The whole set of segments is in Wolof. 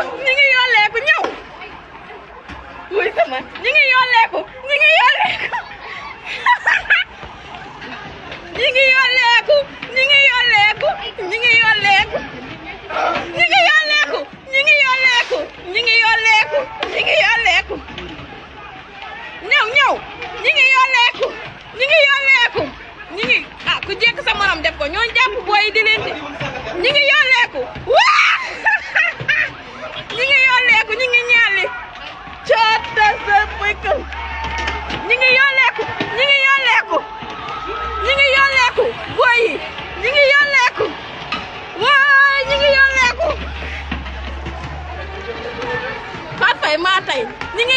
ñu ngi yolleeku ñëw wuy sama ñu ngi yolleeku ñu ngi yolleeku ñu ngi yolleeku ñu ngi yolleeku ñu ngi yolleeku ñu ngi yolleeku ñu ngi yolleeku ñu ngi yolleeku ñu ngi yolleeku sa morom def ko ñoo jàpp booy di leen di maa tey ñi ngi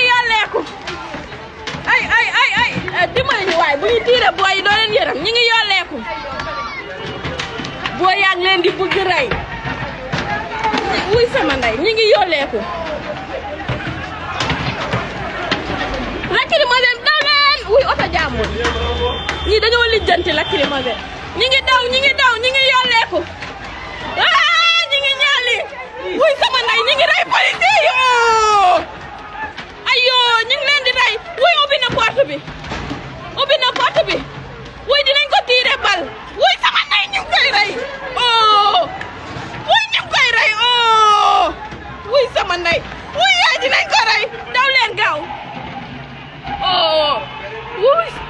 ay ay ay ay eh, dimbali ñu waay bu ñu tiire booy yi doo leen yërëm ñi ngi yolleeku boo yaa leen di bëgg rey wuy sama ndey ñi ngi yolleeku lacrymogène daw leen wuy oto jàmbur ñii dañoo lijjanti lacrymogène ñi ngi daw ñi ngi daw ñi What